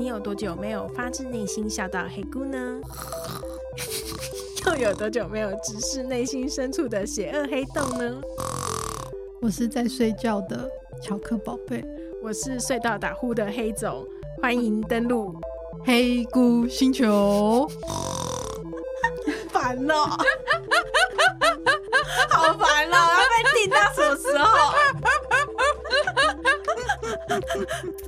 你有多久沒有發自內心笑到黑菇呢？ 又有多久沒有直視內心深處的邪惡黑洞呢？我是在睡覺的巧克寶貝，我是睡到打呼的黑總，歡迎登錄黑菇星球。煩喔 煩、喔， 好煩哦、喔，要被頂到什麼時候？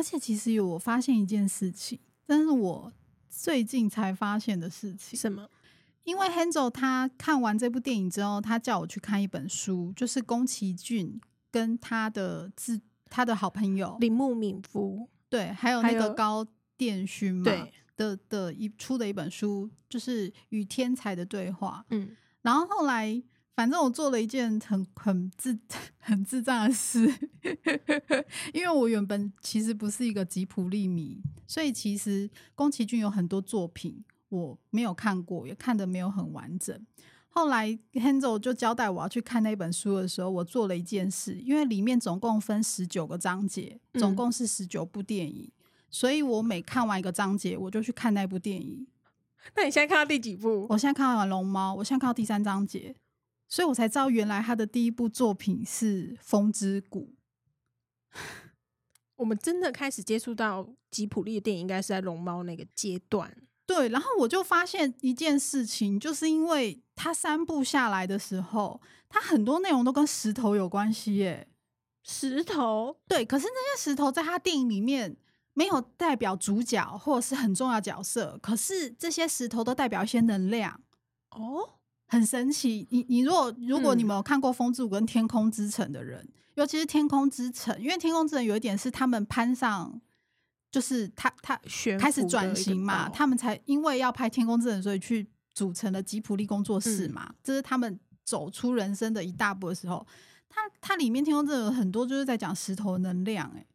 而且其實有我發現一件事情，但是我最近才發現的事情。什麼？因為 h e n z o 他看完這部電影之後，他叫我去看一本書，就是宮崎駿跟他的自他，他的好朋友鈴木敏夫，對，還有那個高畑勳，對的的一出的一本書，就是《與天才的對話》。嗯，然後後來。反正我做了一件很很智很智障的事， 因為我原本其實不是一個吉普力迷，所以其實宮崎駿有很多作品我沒有看過，也看得沒有很完整。後來 Henzo 就交代我要去看那本書的時候，我做了一件事，因為裡面總共分十九個章節，總共是十九部電影，嗯、所以我每看完一個章節，我就去看那部電影。那你現在看到第幾部？我現在看到龍貓，我現在看到第三章節。所以我才知道，原來他的第一部作品是《風之谷》。我們真的開始接觸到吉卜力的電影，應該是在龍貓那個階段。 對，然後我就發現一件事情，就是因為他三部下來的時候，他很多內容都跟石頭有關係耶。石頭？對。可是那些石頭在他電影裡面沒有代表主角，或者是很重要角色。可是這些石頭都代表一些能量。哦。很神奇，你你如果如果你們有看過《風之谷》跟、嗯《天空之城》的人，尤其是《天空之城》，因為《天空之城》有一點是他們攀上，就是他他開始轉型嘛，他們才因為要拍《天空之城》，所以去組成了吉卜力工作室嘛，嗯、這是他們走出人生的一大步的時候。它它裡面《天空之城》有很多就是在講石頭能量誒、欸。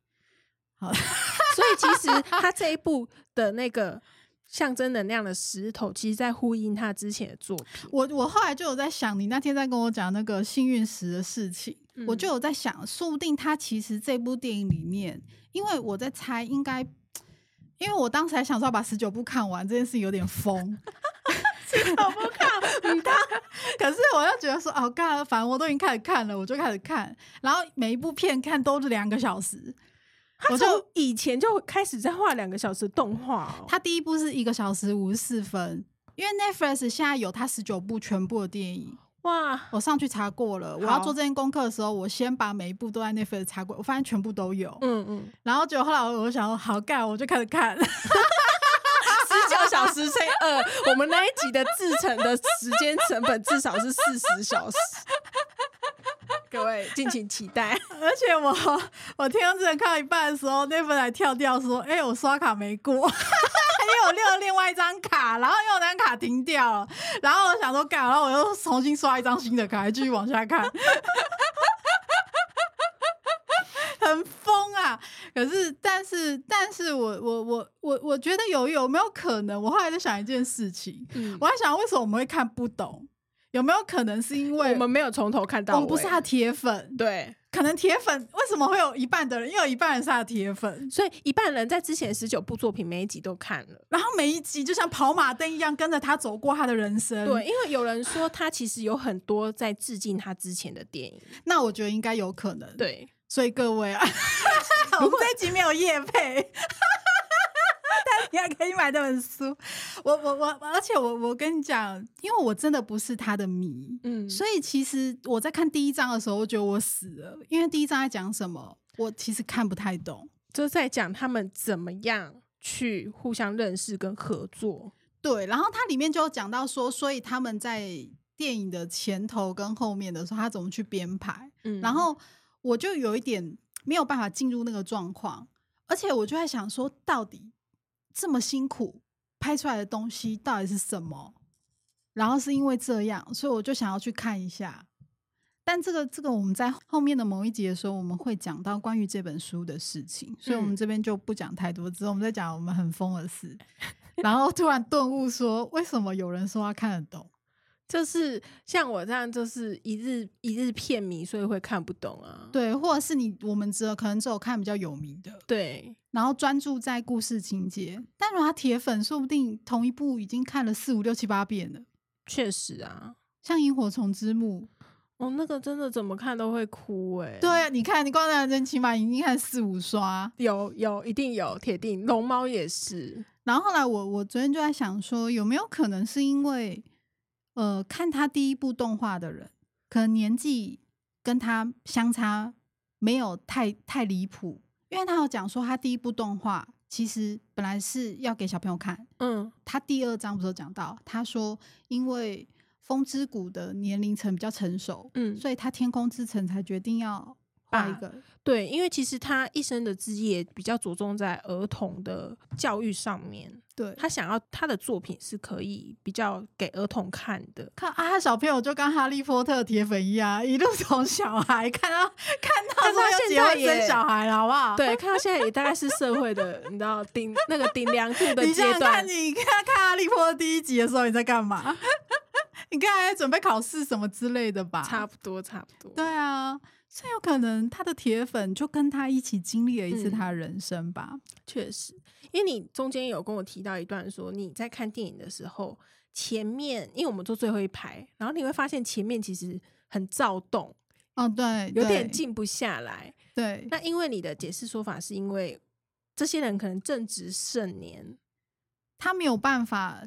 好，所以其實它這一部的那個。象徵能量的石頭，其實在呼應他之前的作品。我我後來就有在想，你那天在跟我講那個幸運石的事情，嗯、我就有在想，說不定他其實這部電影裡面，因為我在猜應該，應該因為我當時還想說要把十九部看完，這件事情有點瘋，十九部看，你他，可是我又覺得說，哦，幹，反正我都已經開始看了，我就開始看，然後每一部片看都是兩個小時。我就以前就開始在畫兩個小時動畫哦、喔。他第一部是一個小時五十四分，因為 Netflix 現在有他十九部全部的電影。哇！我上去查過了，好我要做這件功課的時候，我先把每一部都在 Netflix 查過，我發現全部都有。嗯嗯。然後就後來我就想說，好幹，我就開始看。十 九小時乘以二，我們那一集的制程的時間成本至少是四十小時。各位，敬請期待， 而且我我聽正在看一半的時候，那邊還跳掉說：“哎、欸，我刷卡沒過， 因為我用另外一張卡，然後又那張卡停掉了，然後我想說幹，然後我又重新刷一張新的卡，繼續往下看， 很瘋啊！可是，但是，但是我我我我我覺得有有沒有可能？我後來在想一件事情，嗯、我在想為什麼我們會看不懂。”有沒有可能是因為我們沒有從頭看到尾？我們不是他鐵粉，對，可能鐵粉為什麼會有一半的人，因為有一半人是他鐵粉，所以一半人在之前十九部作品每一集都看了，然後每一集就像跑馬燈一樣跟着他走過他的人生。對，因為有人說他其實有很多在致敬他之前的電影， 那我覺得應該有可能。對，所以各位啊， 我們這集沒有業配。 你還可以買這本書，我我我，而且我我跟你講，因為我真的不是他的迷，嗯，所以其實我在看第一章的時候，我覺得我死了，因為第一章在講什麼，我其實看不太懂，就是在講他們怎麼樣去互相認識跟合作，對，然後它裡面就有講到說，所以他們在電影的前頭跟後面的時候，他怎麼去編排，嗯，然後我就有一點沒有辦法進入那個狀況，而且我就在想說，到底。這麼辛苦拍出來的東西到底是什麼？然後是因為這樣，所以我就想要去看一下。但這個這個，我們在後面的某一集的時候，我們會講到關於這本書的事情，所以我們這邊就不講太多。只是我們在講，我們很瘋的事。嗯、然後突然頓悟說，說為什麼有人說他看得懂？就是像我這樣，就是一日一日片迷，所以會看不懂啊。對，或者是你我們只有可能只有看比較有名的，對。然後專注在故事情節，但如果他鐵粉，說不定同一部已經看了四五六七八遍了。確實啊，像螢火蟲之墓，哦，那個真的怎麼看都會哭欸。對啊，你看你光在那邊起碼已經看四五刷，有有一定有，鐵定。龍貓也是。然後後來我我昨天就在想說，有沒有可能是因為。呃，看他第一部動畫的人，可能年紀跟他相差沒有太太離譜，因為他有講說他第一部動畫其實本來是要給小朋友看，嗯，他第二章不是講到，他說因為風之谷的年齡層比較成熟，嗯，所以他天空之城才決定要。一個、啊、對，因為其實他一生的職業比較着重在兒童的教育上面。對他想要他的作品是可以比較給兒童看的。看啊，他小朋友就跟哈利波特鐵粉一樣、啊，一路從小孩看到看到現在也生小孩了，好不好？對，看到現在也大概是社會的， 你知道頂那個頂梁柱的階段。你看你看哈利波特第一集的時候，你在幹嘛？ 你看才準備考試什麼之類的吧？差不多，差不多。對啊，所以有可能他的鐵粉就跟他一起經歷了一次他的人生吧。確、嗯、實，因為你中間有跟我提到一段說，說你在看電影的時候，前面因為我們坐最後一排，然後你會發現前面其實很躁動。哦、嗯，對，有點靜不下來。對，對那因為你的解釋說法是因為這些人可能正值盛年，他沒有辦法。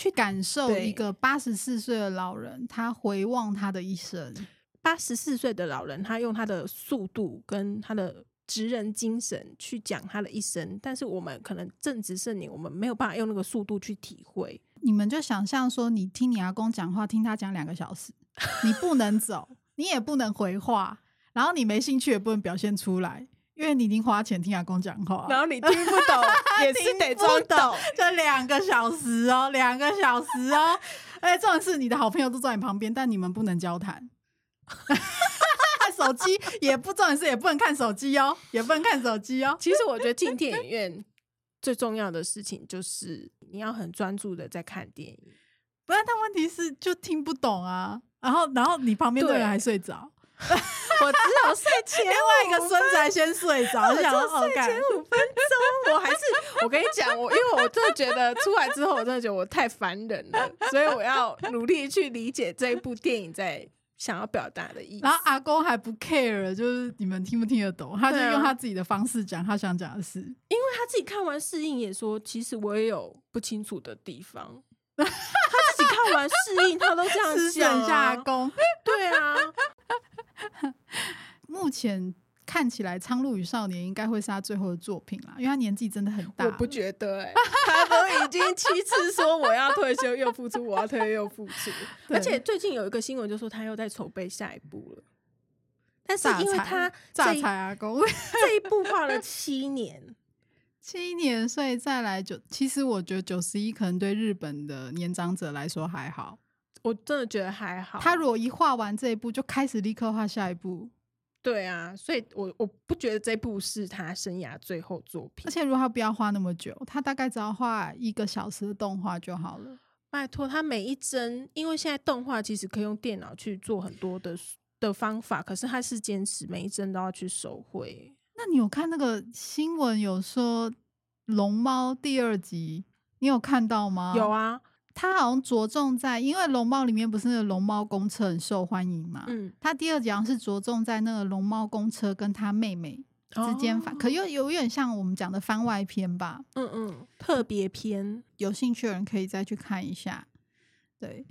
去感受一個八十四歲的老人，對他回望他的一生。八十四歲的老人，他用他的速度跟他的職人精神去講他的一生。但是我們可能正值盛年，我們沒有辦法用那個速度去體會。你們就想象說，你聽你阿公講話，聽他講兩個小時，你不能走， 你也不能回話，然後你沒興趣也不能表現出來。因為你已經花錢聽阿公講話，然後你聽不懂，也是得裝懂， 懂。就兩個小時哦、喔，兩個小時哦、喔。 而且重點是，你的好朋友都坐在你旁邊，但你們不能交談。 看手機也不重點，是也不能看手機哦、喔，也不能看手機哦、喔。 其實我覺得進電影院最重要的事情就是你要很專注的在看電影。 不然，他問題是就聽不懂啊。然後，然後你旁邊的人還睡着。對 我只好睡前，另外一個孫子還先睡着，我想說。 我前五分鐘，我還是 我跟你講，我因為我真的覺得出來之後，我真的覺得我太煩人了，所以我要努力去理解這一部電影在想要表達的意思。然後阿公還不 care，就是你們聽不聽得懂，啊、他就用他自己的方式講，他想講的事，因為他自己看完試映也說，其實我也有不清楚的地方。 他自己看完試映，他都這樣想、啊。一下阿公，對啊。 目前看起來，《蒼鷺與少年》應該會是他最後的作品啦，因為他年紀真的很大。我不覺得、欸，他都 已經七次說我要退休，又復出， 我要退休又復出。對而且最近有一個新聞，就說他又在籌備下一部了。但是因為他榨菜阿公 這一部畫了七年， 七年，所以再來九，其實我覺得九十一可能對日本的年長者來說還好。我真的覺得還好。他如果一畫完這一部，就開始立刻畫下一部。對啊，所以我我不覺得這一部是他生涯最後作品。而且如果他不要畫那麼久，他大概只要畫一個小時的動畫就好了。嗯、拜託，他每一幀，因為現在動畫其實可以用電腦去做很多的的方法，可是他是堅持每一幀都要去手繪。那你有看那個新聞有說《龍貓》第二集，你有看到嗎？有啊。他好像着重在，因為龍貓裡面不是那個龍貓公車很受歡迎嘛，嗯、他第二集好像是着重在那個龍貓公車跟他妹妹之間，哦、可又有，有，有點像我們講的番外篇吧，嗯嗯，特別篇，有興趣的人可以再去看一下，對，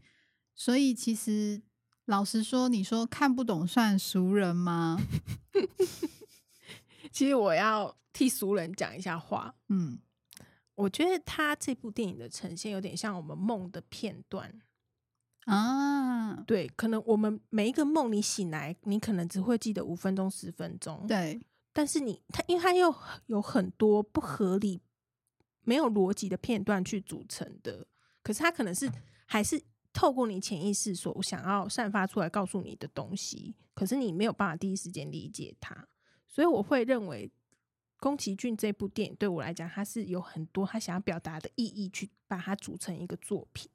所以其實老實說，你說看不懂算俗人嗎？ 其實我要替俗人講一下話，嗯。我覺得他這部電影的呈現有點像我們夢的片段啊，對，可能我們每一個夢，你醒來，你可能只會記得五分鐘、十分鐘，對。但是你他，因為他又有很多不合理、沒有邏輯的片段去組成的，可是他可能是還是透過你潛意識所想要散發出來告訴你的東西，可是你沒有辦法第一時間理解他，所以我會認為。宮崎駿這部電影對我來講，他是有很多他想要表達的意義去把它組成一個作品，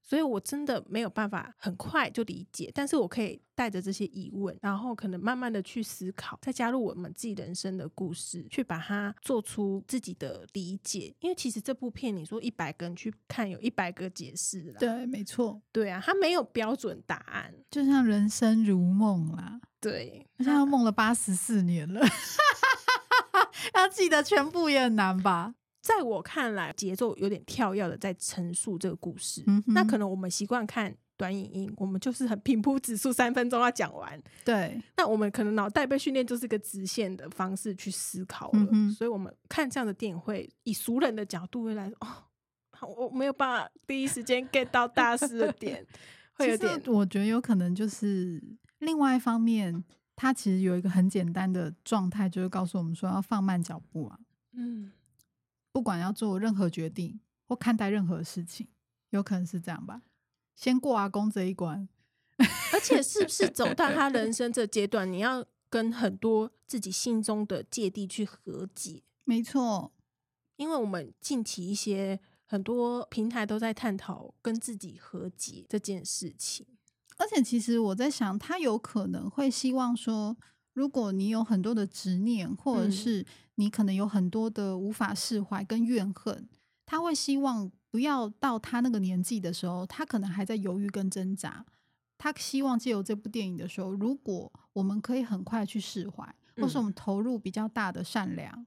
所以我真的沒有辦法很快就理解，但是我可以帶着這些疑問，然後可能慢慢的去思考，再加入我們自己人生的故事，去把它做出自己的理解。因為其實這部片你，你說一百個人去看，有一百個解釋啦。對，沒錯。對啊，他沒有標準答案，就像人生如夢啦。對，好像夢了八十四年了。那 要記得全部也很難吧？在我看來，節奏有點跳躍的在陳述這個故事。嗯、哼那可能我們習慣看短影音，我們就是很平鋪直述三分鐘要講完。對。那我們可能腦袋被訓練就是一個直線的方式去思考了，嗯、哼所以我們看這樣的電影會以熟人的角度會來說哦，我沒有辦法第一時間 get 到大師的點， 會有點。我覺得有可能就是另外一方面。他其實有一個很簡單的狀態，就是告訴我們說要放慢腳步啊。嗯，不管要做任何決定或看待任何事情，有可能是這樣吧，先過阿公這一關。而且，是不是走到他人生這階段，你要跟很多自己心中的芥蒂去和解？沒錯，因為我們近期一些很多平台都在探討跟自己和解這件事情。而且其實我在想，他有可能會希望說，如果你有很多的執念，或者是你可能有很多的無法釋懷跟怨恨，他會希望不要到他那個年紀的時候，他可能還在猶豫跟掙扎。他希望借由這部電影的時候，如果我們可以很快去釋懷，或是我們投入比較大的善良。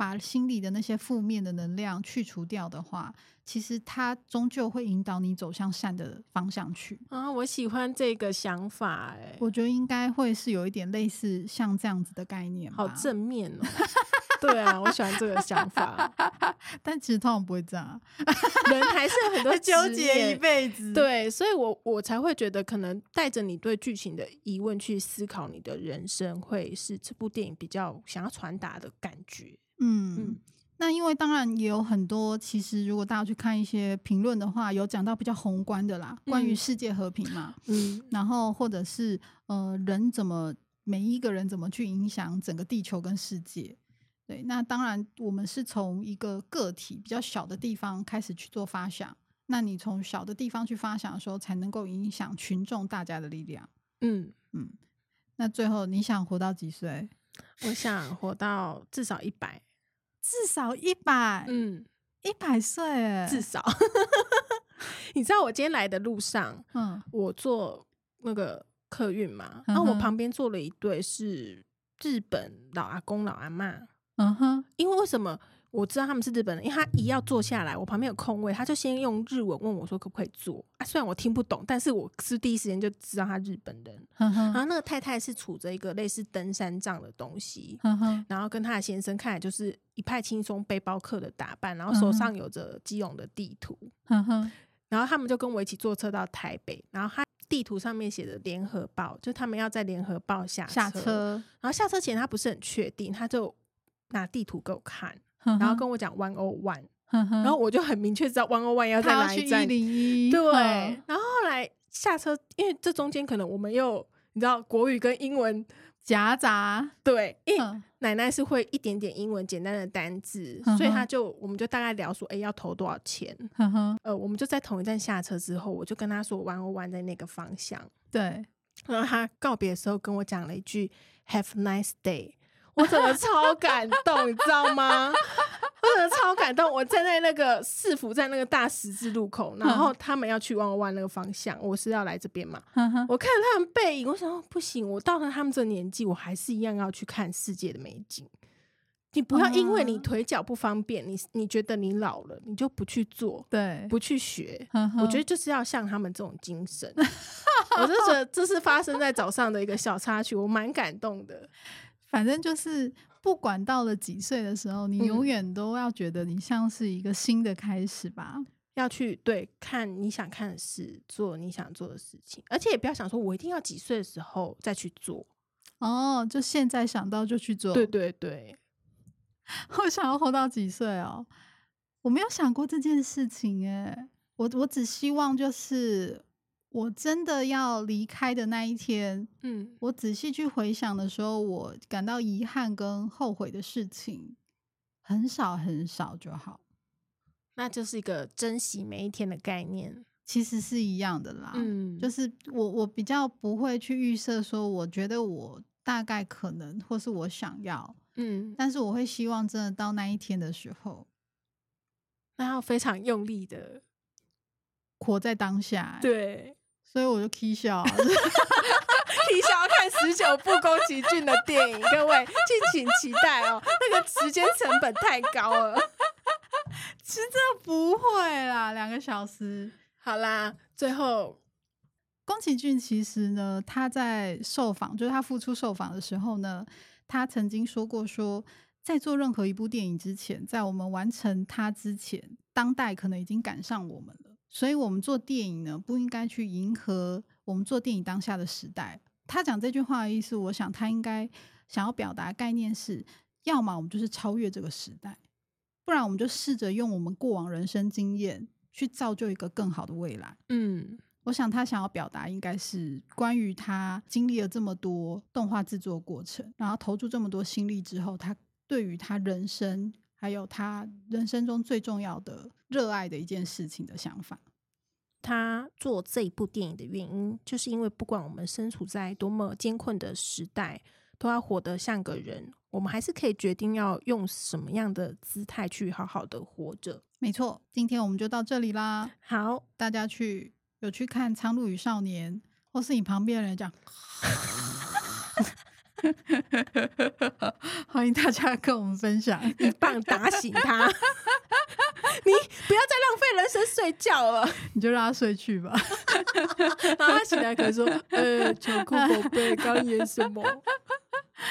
把心裡的那些負面的能量去除掉的話，其實它終究會引導你走向善的方向去啊！我喜歡這個想法。欸、我覺得應該會是有一點類似像這樣子的概念，好正面哦，喔。 對啊，我喜歡這個想法， 但其實通常不會這樣， 人還是很多糾 結一輩子。對，所以我我才會覺得，可能帶着你對劇情的疑問去思考你的人生，會是這部電影比較想要傳達的感覺。嗯，嗯，那因為當然也有很多，其實如果大家去看一些評論的話，有講到比較宏觀的啦，關於世界和平嘛，嗯，嗯，然後或者是呃，人怎麼每一個人怎麼去影響整個地球跟世界，對，那當然我們是從一個個體比較小的地方開始去做發想，那你從小的地方去發想的時候，才能夠影響群眾大家的力量，嗯嗯，那最後你想活到幾歲？我想活到至少一百。至少一百，嗯，一百歲哎，至少。 你知道我今天來的路上，嗯，我坐那個客運嘛，那、嗯哼啊、我旁邊坐了一對是日本老阿公、老阿媽，嗯哼，因為為什麼？我知道他們是日本人，因為他一要坐下來，我旁邊有空位，他就先用日文問我說可不可以坐。啊，雖然我聽不懂，但是我是第一時間就知道他日本人。呵呵然後那個太太是杵着一個類似登山杖的東西，呵呵然後跟他的先生看來就是一派輕鬆背包客的打扮，然後手上有着基隆的地圖。呵呵然後他們就跟我一起坐車到台北，然後他地圖上面寫着聯合報，就他們要在聯合報下車下車。然後下車前他不是很確定，他就拿地圖給我看。然後跟我講 One O One，然後我就很明確知道 One O One 要在哪一站。他要去 One O One。對。哦、然後後來下車，因為這中間可能我們又你知道國語跟英文夾雜。對。因為奶奶是會一點點英文簡單的單字，呵呵所以她就我們就大概聊說，哎，要投多少錢？呵呵。呃，我們就在同一站下車之後，我就跟她說 One O One 在那個方向。對。然後她告別的時候跟我講了一句 Have a nice day。我真的超感動， 你知道嗎？我真的超感動。我站在那個市府，在那個大十字路口，然後他們要去往彎那個方向，我是要來這邊嘛。 我看着他們背影，我想說，不行，我到了他們這年紀，我還是一樣要去看世界的美景。 你不要因為你腿腳不方便，你你覺得你老了，你就不去做，對，不去學。 我覺得就是要像他們這種精神。 我就覺得這是發生在早上的一個小插曲，我蠻感動的。反正就是，不管到了幾歲的時候，你永遠都要覺得你像是一個新的開始吧。嗯，要去，對，看你想看的事，做你想做的事情，而且也不要想說我一定要幾歲的時候再去做。哦，就現在想到就去做，對對對。 我想要活到幾歲哦？我沒有想過這件事情誒、欸，我我只希望就是。我真的要離開的那一天，嗯，我仔細去回想的時候，我感到遺憾跟後悔的事情很少很少就好。那就是一個珍惜每一天的概念，其實是一樣的啦。嗯，就是我我比較不會去預設說，我覺得我大概可能或是我想要，嗯，但是我會希望真的到那一天的時候，那要非常用力的活在當下，欸，對。所以我就 k i 哈哈哈 k i c 要看十九部宮崎駿的電影， 各位敬請期待哦。那個時間成本太高了， 其實這不會啦，兩個小時。好啦，最後，宮崎駿其實呢，他在受訪，就是他復出受訪的時候呢，他曾經說過說，說在做任何一部電影之前，在我們完成它之前，當代可能已經趕上我們了。所以我們做電影呢，不應該去迎合我們做電影當下的時代。他講這句話的意思，我想他應該想要表達概念是：要麼我們就是超越這個時代，不然我們就試着用我們過往人生經驗去造就一個更好的未來。嗯，我想他想要表達應該是關於他經歷了這麼多動畫制作過程，然後投注這麼多心力之後，他對於他人生。還有他人生中最重要的、熱愛的一件事情的想法。他做這一部電影的原因，就是因為不管我們身處在多麼艱困的時代，都要活得像個人。我們還是可以決定要用什麼樣的姿態去好好的活着。沒錯，今天我們就到這裡啦。好，大家去有去看《蒼鷺與少年》，或是你旁邊的人講。 歡迎大家跟我們分享，一棒打醒他， 你不要再浪費人生睡覺了， 你就讓他睡去吧。 他起來可能說：“呃，球球寶貝，剛演什麼？”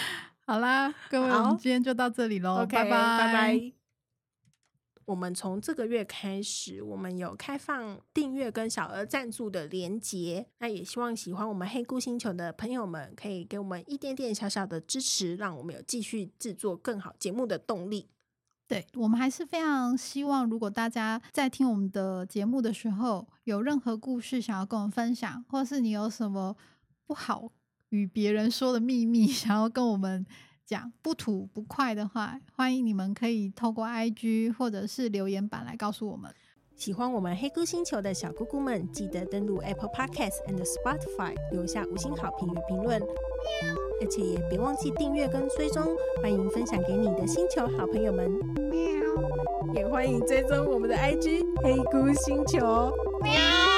好啦，各位，我們今天就到這裡嘍，好 拜拜。Okay, okay, 我們從這個月開始，我們有開放訂閱跟小額贊助的連結。那也希望喜歡我們黑菇星球的朋友們，可以給我們一點點小小的支持，讓我們有繼續製作更好節目的動力。對，我們還是非常希望，如果大家在聽我們的節目的時候，有任何故事想要跟我們分享，或是你有什麼不好與別人說的秘密，想要跟我們。講不吐不快的話，歡迎你們可以透過 IG 或者是留言板來告訴我們。喜歡我們黑菇星球的小菇菇們，記得登錄 Apple Podcasts and Spotify，留下五星好評與評論。喵。而且也別忘記訂閱跟追蹤，歡迎分享給你的星球好朋友們。喵。也歡迎追蹤我們的 IG 黑菇星球。喵。